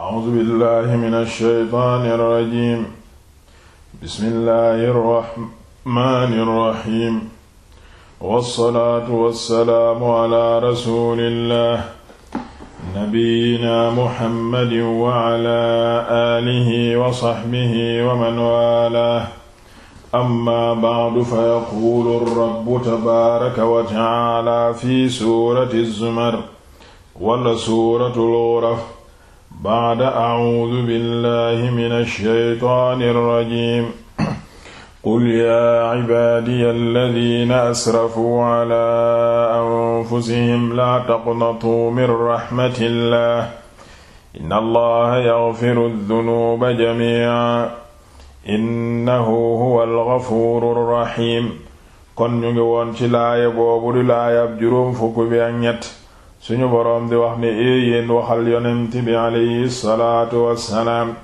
A'uuzu billaahi mina shaytaani rajiim. Bismillaahi rahmaani rahiim. Wassalaatu wassalaamu alaa rasuulillaah. Nabiyyinaa Muhammadin wa alaa aalihi wa sahbihi wa man waalaah. Ammaa ba'du fayaquulu rabbu tabaaraka wa ta'aalaa fi suurati zumar wala suuratul ghuraf. baada acuudu billahi min alsheytaani alrajim qul yaa cibaadiya alladina asrafuu cala anfusihim laa taqnatuu min raxmati illah inna allaha yaxfiru aldunuuba jamica innahu huwa algafuuru alraxim kon ñu ngi woon ci laaya boobu di laayab juróom fukk bi ak ñett suñu boroom di wax ne ee yéen waxal yonent bi alayhi wassalaam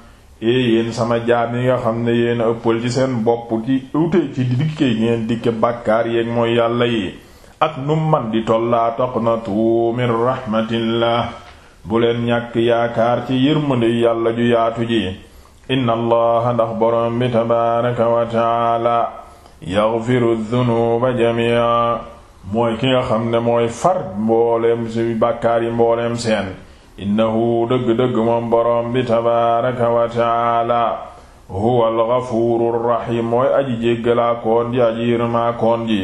ee sama jaam yi xam ne yéen a ëppal ci seen bopp ci ute ci dikke ngeen dikke bàkkaar yeeg mooy yàlla yi ak nu man di tollaa taqnatu min rahmatillah bu leen ñàkk yaakaar ci yërmande yàlla ju yaatu ji inna allaha ndax boroom bi tabaaraka wa taala yaghfiru dhunuba jami'a mooy ki nga xam ne mooy far mbooleem si bàkkaar yi mbooleem seen innahu dëgg-dëgg moom boroom bi tabaaraka wa taala huwa alxafuuru rahim mooy aji jéggalaa koon ji aji yërmaa koon ñu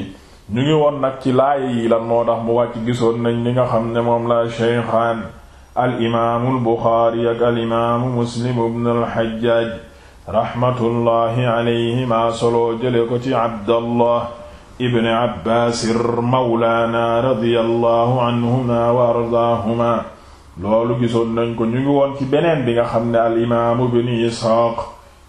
ngi woon nag ci laaya lan moo tax mu wàcc gisoon nañ li nga xam ne moom laa cheykhaan al imaamu albuxaari ak al imaamu muslim ibn alxajjaaj rahmatullahi alayhima soloo jële ko ci abdallah ibni abbaasir mawlaana radiyallahu anhuma wa ardaahuma loolu gisoon nañ ko ñu ngi woon ci beneen bi nga xam ne al imaamu ibni isxaaq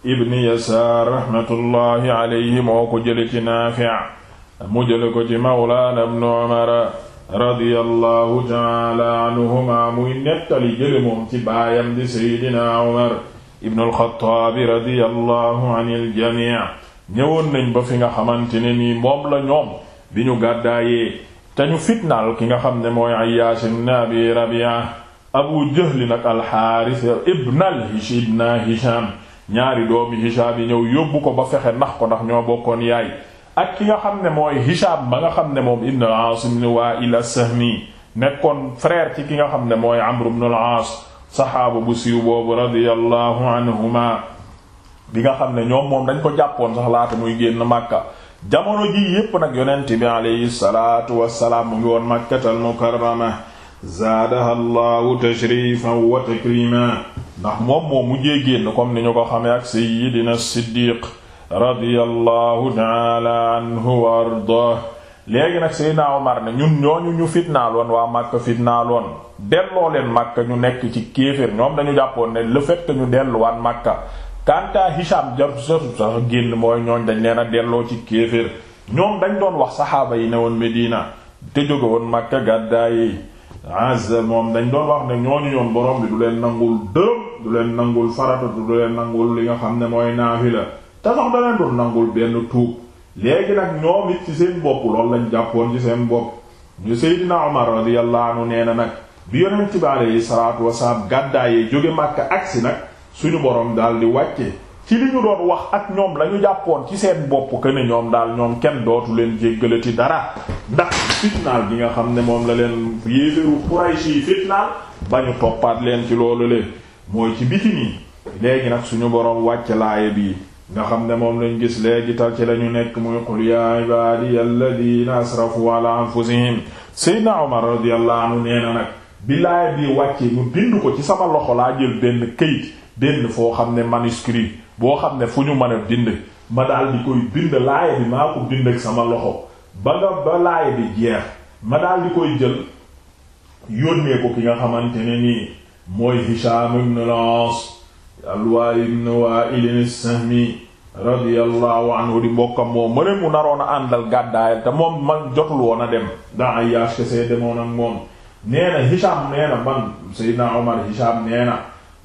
ibni yasaar raxmatullahi alayhi moo ko jële ci naafi' mu jële ko ci mawlaana ibnu umara radiyallahu taala anhuma muy nettali jële moom ci baayam di seydina umar ibnu alxattaabi radiyallahu anil jamii ñëwoon nañ ba fi nga xamante ne nii moom la ñoom bi ñu gàddaayee te ñu fitnaal ki nga xam ne mooy Ayyaash ibn Abi Rabi'a Abu Jahl nag al-Haaris ibn al ñaari doomi Hisham yi ñëw yóbbu ko ba fexe ndax ko ndax ñoo bokkoon yaay ak ki nga xam ne mooy Hisham ba nga xam ne moom ibn al-Aas ibn Waa'il as-Sahmi nekkoon frère ci ki nga xam ne mooy Amr ibn al-Aas saxaaba bu siiw boobu radiyallahu anhuma bi nga xam ne ñoom moom dañ ko jàppoon sax laata muy génn Makka jamono ji yépp nag yonent bi alayhi salaatu wassalaam mu ngi woon Makkatal Mukarrama zaadaha llahu tashrifan wa takrima ndax moom moom mujjee génn comme ni ñu ko xamee ak sayyidina Siddiq radiyallahu taala anhu wa ardah léegi nag Seydina Omar ne ñun ñooñu ñu loon waa Makka fitnaaloon delloo leen Makka ñu nekk ci kéeféer ñoom dañu jàppoon ne le fait ñu delluwaat Makka kanta Hisham jam sa sax génn mooy ñooñ dañ leen a delloo ci kéeféer ñoom dañ doon wax saxaaba yi ne woon Medina te jóge woon Makka gàddaa yi azza moom dañ doon wax ne ñooñu ñoom borom bi du leen nangul dërëm du leen nangul farata du leen nangul li nga xam ne mooy naafila te sax da leen doon nangul benn tuub léegi nag ñoom it ci seen bopp loolu lañ jàppoon ci seen bopp ñu Seydina Omar radiyallahu nee na nag bi yonent bi alayhi salaatu wasalaam gàddaayee jóge Makka agsi nag suñu boroom daal di wàcce ci li ñu doon wax ak ñoom lañu jàppoon ci seen bopp que ne ñoom daal ñoom kenn dootu leen jéggalati dara ndax fitnaal gi nga xam ne moom la leen yéeféru Quraysh yi fitnaal ba ñu toppaat leen ci loolu le mooy ci biti nii léegi nag suñu boroom wàcce laaya bii nga xam ne moom lañ gis léegi tal ci lañu nekk muy qul ya ibadiya alladina asrafu ala anfusihim sayyidna Umar radiyallahu anhu nee nag bi laaya bii wàcce mu bind ko ci sama loxo laa jël benn këyit benn foo xam ne manuscrit boo xam ne fu ñu mën bind ma daal di koy bind laaya bi maa ko bind ak sama loxo ba nga ba laaya bi jeex ma daal di koy jël yónnee ko ki nga xamante ne nii mooy Hisham ibn al-As al-Wa'il ibn Wa'il as-Sahmi di mbokkam moom mu ne mu naroon a àndal gàddaay te moom ma jotul woon a dem daa ay yaas kese demoon ak moom nee na Hisham man Seydina Omar Hisham nee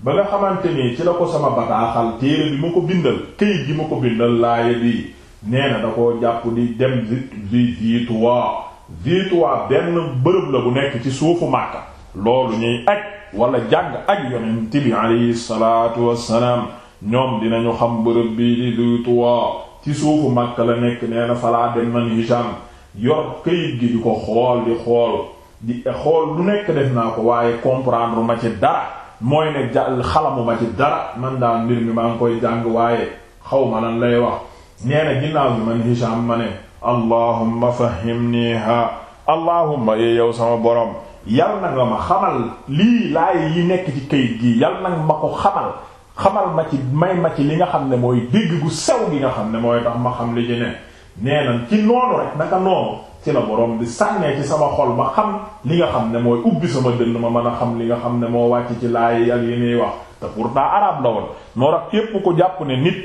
ba nga xamante ni ci la ko sama bataaxal téere bi ma ko bindal këyit gi ma ko bindal laaya bi nee na da ko jàpp di dem di Zituwa Zituwa benn bërëb la bu nekk ci suufu Makka loolu ñuy aj wala jàng aj yonent bi alayhi salaatu wassalaam ñoom dinañu xam bërëb bi di Zituwa ci suufu Makka la nekk nee na falaa dem man Hisham yor këyit gi di ko xool di xool di xool lu nekk def naa ko waaye comprendre ma ci dara mooy ne jàll xalamu ma ci dara man daal mbir mi maa ngi koy jàng waaye xaw ma lan lay wax nee na ginnaaw ma man Hisham ma ne allahumma fahimniha allahumma yee yow sama borom yal na nga ma xamal lii laay yi nekk ci kayit gi yal na ma ko xamal xamal ma ci may ma ci li nga xam ne mooy dégg gu sew gi nga xam ne mooy tax ma xam li ci ne nee na ci noonu rek naka noonu ci la boroom bi sànnee ci sama xol ma xam li nga xam ne mooy ubbi sama dënn ma mën a xam li nga xam ne moo wàcc ci laay ak yi ñuy wax te pourtant arab la woon moo tax képp ku jàpp ne nit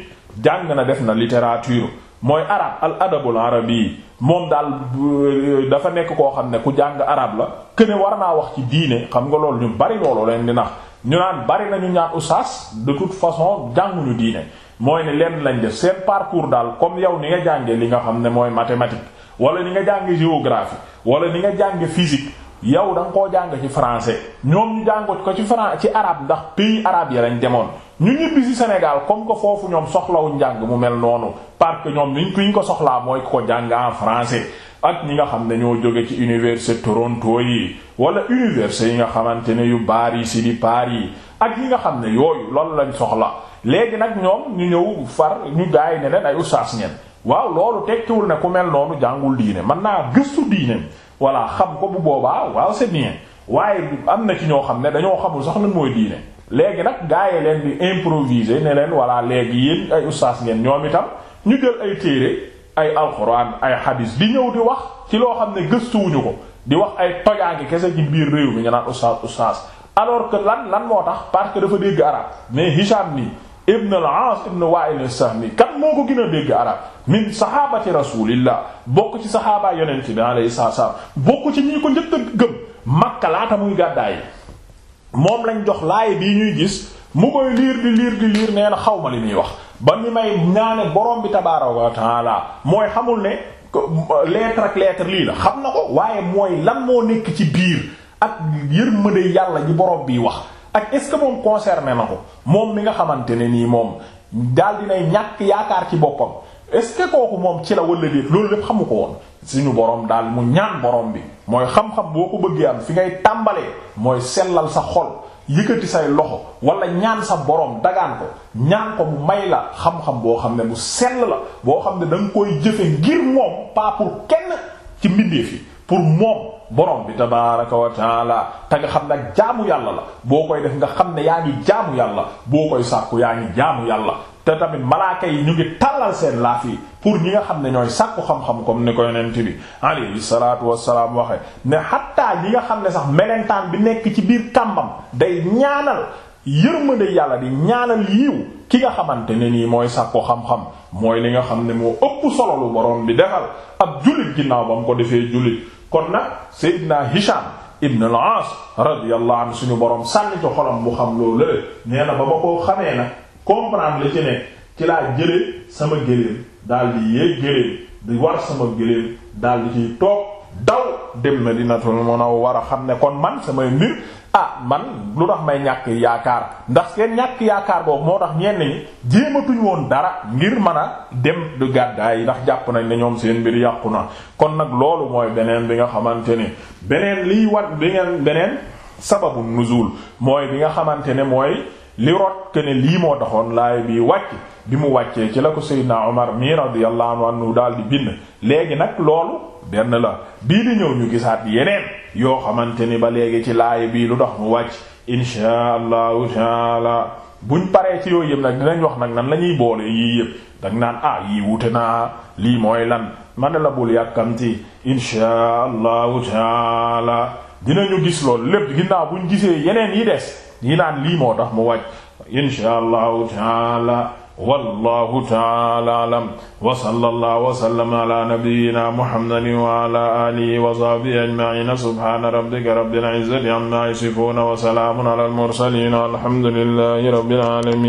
jàng na def na littérature mooy arab al adabul arabi moom daal euh, dafa nekk koo xam ne ku jàng araab la këne war naa wax ci diine xam nga loolu ñu bari looloo leen di nax ñu naan bari nañu ñaar oustaz de toute façon jànguñu diine mooy ne lenn lañ def seen parcours daal comme yow ni nga jàngee li nga xam ne mooy mathématique wala ni nga jàng géographie wala ni nga jàng physique yow da koo jàng ci français ñoom ñu jàngo ko ci fran ci arabe ndax pays arabe yi lañ demoon ñu ñibbi ci Sénégal comme que foofu ñoom soxlawuñ jàng mu mel noonu parce que ñoom niñ ñu ko soxlaa mooy ko jàng en français ak ñi nga xam ne ñoo jóge ci université Toronto yi wala université yi nga xamante ne yu bari ci di yi ak yi nga xam ne yooyu loolu lañ soxla léegi nag ñoom ñu ñëw fa ñu gaay ne leen ay ustaas ñen waaw loolu tekkiwul ne ku mel noonu jàngul diine man naa gëstu diine voilà xam ko bu boobaa waaw c'est bien waaye am na ci ñoo xam ne dañoo xamul sax lan mooy diine. léegi nag gaa yi leen di improviser ne leen voilà léegi yéen ay ustaas ngeen ñoom itam ñu jël ay téere ay alxuraan ay xadiis di ñëw di wax ci loo xam ne gëstuwuñu ko di wax ay tojaange kese ci biir réew mi nga naan ustaas ustaas alors que lan lan moo tax parce que dafa dégg arab mais Hicham nii. ibn al-Aas ibn Wa'il as-Sahmi kan moo ko gën a dégg arab min sahabati rasulillah bokk ci sahaabaa yonent bi alayhi salaam bokk ci ñi ko njëkk a gëm Makka laata muy gàddaay moom lañ jox laay bi ñuy gis mu koy liir di liir di liir nee na xaw ma li muy wax ba ni may ñaane borom bi tabaaraka wa taala mooy xamul ne lettre ak lettre lii la xam na ko waaye mooy lan moo nekk ci biir ak yërmande yàlla ji borom bi wax. ak est-ce que moom concerné na ko moom mi nga xamante ne nii moom daal nay ñàkk yaakaar ci boppam est-ce que kooku moom ci la walla déet loolu lépp xamu ko woon suñu borom daal mu ñaan boroom bi mooy xam-xam boo ko bëggee am fi ngay tàmbalee mooy sellal sa xol yëkkati say loxo wala ñaan sa borom dagaan ko ñaan ko bu may la xam-xam boo xam ne bu sell la boo xam ne da koy jëfe ngir moom pas pour kenn ci mbindeef yi pour moom borom bi tabaaraka wa taala te nga xam nag jaamu yàlla la boo koy def nga xam ne yaa ngi jaamu yàlla boo koy sàkku yaa ngi jaamu yàlla te tamit malaaka yi ñu ngi tàllal seen laaf yi pour ñi nga xam ne ñooy sàkku xam-xam comme ni ko yonent bi alayhi salaatu wassalaam waxe ne xattaa ñi nga xam ne sax melentaan bi nekk ci biir kàmbam day ñaanal yërmande yàlla di ñaanal yiw ki nga xamante ne nii mooy sàkku xam-xam mooy li nga xam ne moo ëpp solo lu borom bi defal ab jullit ginnaaw ba mu ko defee jullit kon nag Seydina Hisham ibn al-Aas radiyallahu anhu suñu borom sànni ci xolam bu xam loolu lële nee na ba ma koo xamee nag comprendre la ci ne ci laa jëlee sama géléem daal di yéeg géléem di war sama géléem daal di ciy toog daw dem na dina war a xam ne kon man samay mbir ah man lu tax may ñàkk yaakaar ndax seen ñàkk yaakaar boobu moo tax ñenn ñi jéematuñ woon dara ngir mën a dem du gàddaay ndax jàpp nañ ne ñoom seen mbir yàqu na kon nag loolu mooy beneen bi nga xamante ne beneen liy wat bi ngeen beneen sababu nuzul mooy bi nga xamante ne mooy li rot ke lii moo taxoon laay bi wàcc bi mu wàccee ci la ko Seydina Omar mii radiyallahu anhu daal di bind léegi nag loolu benn la bii di ñëw ñu gisaat yeneen yoo xamante ni ba léegi ci laay bii lu tax mu wàcc insha allahu taala buñ paree ci yooyu yëpp nag dinañ wax nag nan la ñuy boole yii yëpp dang naan ah yii wute naa lii mooy lan man la bul yàkkamti insha allahu taala dinañu gis loolu lépp ginnaaw buñ gisee yeneen yi des ñi naan lii moo tax mu wàcc insha allahu taala wallahu taala alam wa sallallahu wa sallama ala nabiyyina muhammadin wa ala alihi wa sahbihi ajma'ina subhana rabbika rabbil izzati amma yasifuna wa salamun ala al mursalin alhamdulillahi rabbil alamin